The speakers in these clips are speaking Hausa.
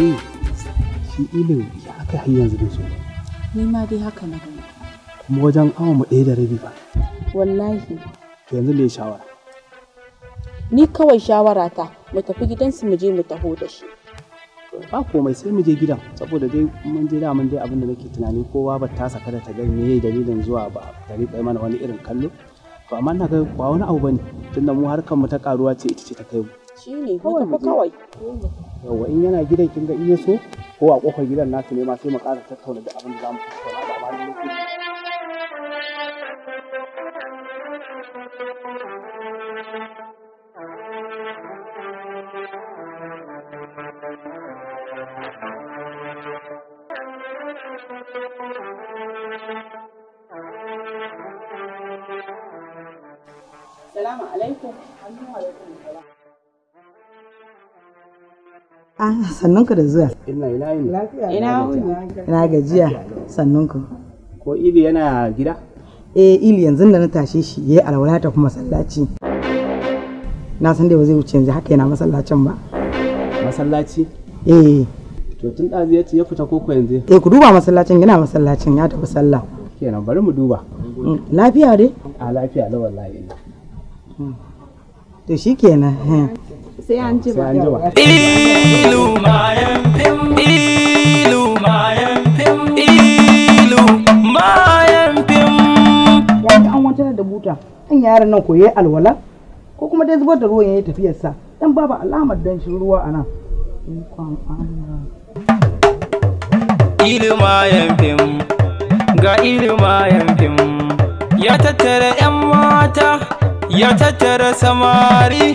yi eh, shi ilin ya aka har yanzu da su ni ma dai haka na gani kuma wajen awa mu ɗaya da rabi ba wallahi to yanzu ne shawara ni kawai shawara ta mu tafi gidansu mu je mu taho da shi ba komai sai mu je gidan saboda dai mun je da mun dai abin da nake tunani kowa ba ta saka da ta gani me yayi dalilin zuwa ba tare da mana wani irin kallo to amma na ga ba wani abu bane tunda mu harkar mu ta karuwa ce ita ce ta kai mu shi ne kawai fa kawai yawa in yana gidan kin ga iya so ko a kofar gidan nasu ne ma sai mu ƙara tattauna da abin da zamu tattauna da ba ne Salamu alaikum. Ah, sannunku da zuwa. Ina ina yin. Ina Ina gajiya. Sannunku. Ko Ili yana gida? Eh, Ili yanzu da na tashe shi ya yi alwala ta kuma masallaci. Na san dai ba zai wuce yanzu haka yana masallacin ba. Masallaci? Eh. To tun ɗazu ya ce ya fita koko yanzu? Eh, ku duba masallacin yana masallacin ya tafi sallah. Kenan bari mu duba. Mm, lafiya dai? A ah, lafiya lawan layi. Mm. To shi kenan. Eh. sai an ji ba ilu mayan fim ilu mayan fim ilu mayan fim ya ga an wancan da buta an yaran nan koye alwala ko kuma dai zubar da ruwan yayi tafiyar sa dan babu alamar danshin ruwa a nan ilu mayan fim ga ilu mayan fim ya tattara 'yan mata ya tattara samari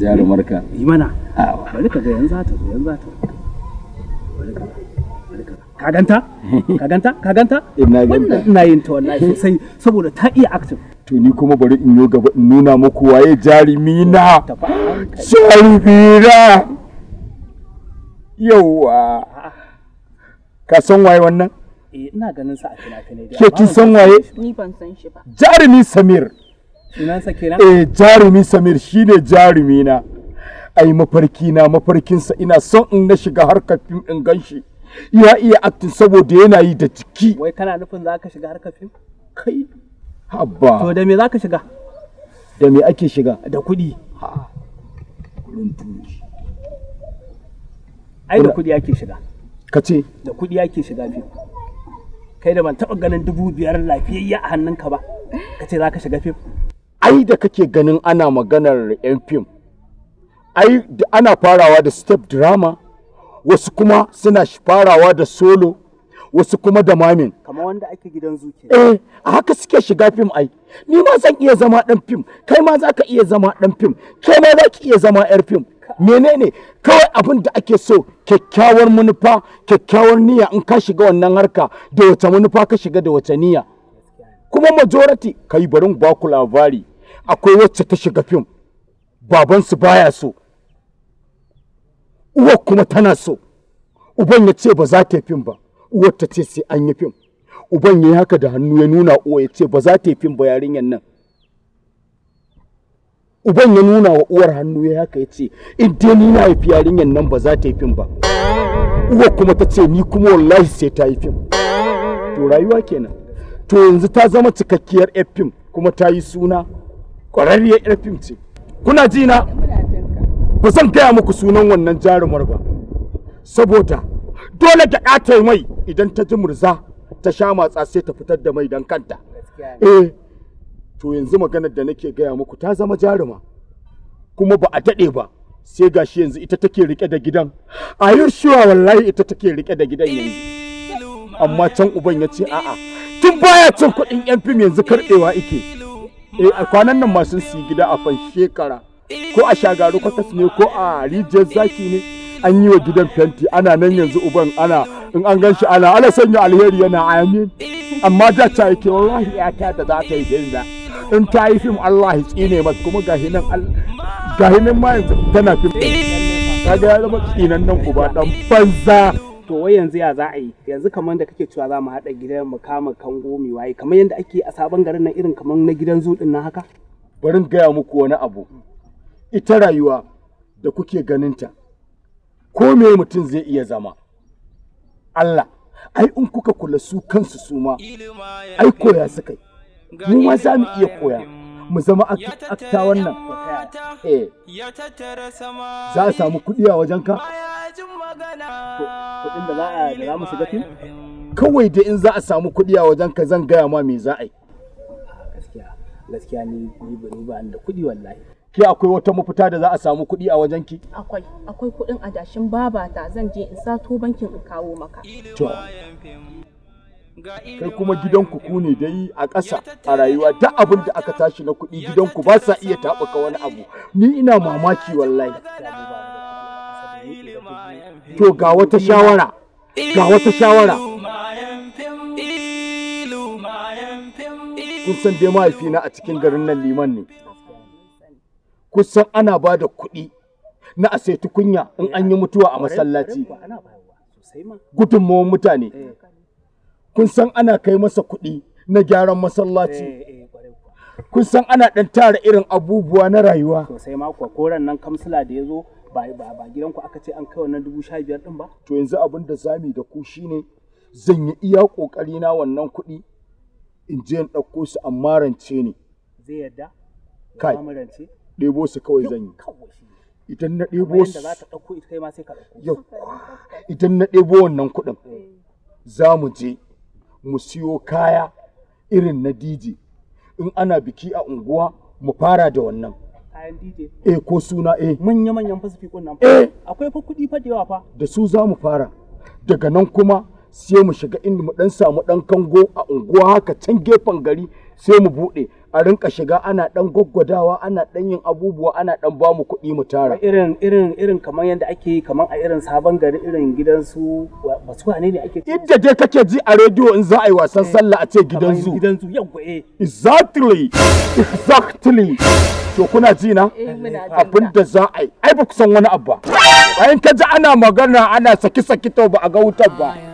jarumarka yi mana bari ka ga yanzu za ta zo yanzu za ta bari ka bari ka ganta ka ganta ka ganta ina ganta ina yin ta wallahi sosai saboda ta iya active to ni kuma bari in yo gaba in nuna muku waye jarumi na sharifira na yauwa ka san waye wannan eh ina ganin sa a fina fina ke kin san waye ni ban san shi ba jarumi samir eh jarumi samir shine jarumi na ai mafarki na mafarkinsa ina son in na shiga harkar fim in ganshi ya iya acting saboda yana yi da jiki wai kana nufin za ka shiga harkar fim kai Abba. to da me za ka shiga da me ake shiga da kuɗi ha ai da kuɗi ake shiga ka ce da kuɗi ake shiga fim kai da ban taɓa ganin dubu biyar lafiyayya a hannunka ba ka ce za ka shiga fim ai da kake ganin ana maganar yan fim ai ana farawa da step drama wasu kuma suna farawa da solo wasu kuma da mamin kamar wanda ake gidan zuke eh a haka suke shiga fim ai ni ma zan iya zama dan fim kai ma zaka iya zama dan fim Ke ma zaki iya zama yar fim menene kawai abin da ake so kyakkyawar manufa kyakkyawar niyya in ka shiga wannan harka da wata manufa ka shiga da wata niyya kuma majority kai barin baku labari akwai wacce ta shiga fim babansu baya so uwar kuma tana so uban ya ce ba za ta yi fim ba uwar ta ce sai an yi fim uban ya haka da hannu ya nuna uwa ya ce ba za ta yi fim ba yarinyan nan uban ya nuna wa uwar hannu ya haka ya ce in dai ni na haifi yarinyar nan ba za ta yi fim ba uwar kuma ta ce ni kuma wallahi sai ta yi fim to rayuwa kenan to yanzu ta zama cikakkiyar fim kuma ta yi suna ƙwararriyar yar fim ce kuna ji na ba zan gaya muku sunan wannan jarumar ba saboda dole ta ƙata mai idan ta ji murza ta sha matsa sai ta fitar da mai don kanta eh to yanzu maganar da nake gaya muku ta zama jaruma kuma ba a daɗe ba sai gashi yanzu ita take rike da gidan a yi wallahi ita take rike da gidan yanzu amma can uban ya ce a'a tun baya cin kuɗin yan fim yanzu karɓewa ike Eh, a kwanan nan masu su gida a fan shekara ko a shagaru kwatas ne ko a rijiyar zaki ne an yi wa gidan fenti ana nan yanzu uban ana in an gan shi ana ala sanya alheri yana amin amma da ta yi ke wallahi ta da za ta yi jinda in ta yi fim Allah ya tsine mata kuma gahi nan ma yanzu tana fim kaga ya zama tsinan nan uba dan banza to wai yanzu ya za a yi yanzu kamar da kake cewa za mu haɗa gidan mu kama kango mai waye kamar yadda ake a sabon garin nan irin kamar na gidan zuɗin na haka bari gaya muku wani abu ita rayuwa da kuke ganinta ko me mutum zai iya zama Allah ai in kuka kula su kansu su ma ai koya suka yi mu ma za mu iya koya mu zama akta wannan eh. za a samu kuɗi a ka kuɗin da za a da za kawai da in za a samu kuɗi a wajen ka zan gaya ma me za a yi ah, gaskiya ni ni ba da kuɗi wallahi ke akwai wata mafita da za a samu kuɗi a wajen ki? Akwai, akwai kuɗin adashin babata zan je in sato bankin in kawo maka. To, kai kuma gidanku ku ne dai a ƙasa a rayuwa duk abin da aka tashi na kuɗi gidanku ba sa iya taɓuka wani abu ni ina mamaki wallahi to ga wata shawara ga wata shawara kun san dai mahaifina a cikin garin nan liman ne kusan ana ba da kuɗi na asai tukunya in an yi mutuwa a masallaci gudunmawar mutane eh. kun san ana kai masa kuɗi na gyaran masallaci eh, eh, kun san ana ɗan tara irin abubuwa na rayuwa to sai ma koran nan kamsila da ya zo ba ba gidan ku aka ce an kai wannan dubu sha biyar ɗin ba to yanzu abin da zami da ku shine zan yi iya ƙoƙari na wannan kuɗi in je in ɗauko su amma rance ne zai yarda kai ɗebo su kawai zan yi idan na ɗebo su idan na ɗebo wannan kuɗin eh. za mu je mu siyo kaya irin na DJ in ana biki a unguwa mu fara da wannan kayan eh ko suna eh manya manyan nan eh akwai fa kudi fa da yawa fa da su za mu fara daga nan kuma sai mu shiga inda mu dan samu dan kango a unguwa haka can gefen gari sai mu buɗe a rinka shiga ana dan gwaggwadawa ana dan yin abubuwa ana dan ba mu kuɗi mu tara irin irin irin kamar yadda ake yi kamar a irin sabon gari irin gidan su wasu wane ne ake idda dai kake ji a rediyo in za a yi wasan eh, sallah a ce gidan su. gidan su yawa eh exactly exactly to kuna eh, ji na abin da za a yi ai ba ku san wani abu ba bayan ka ji ana magana ana saki saki to ba a ga wutar ba ah,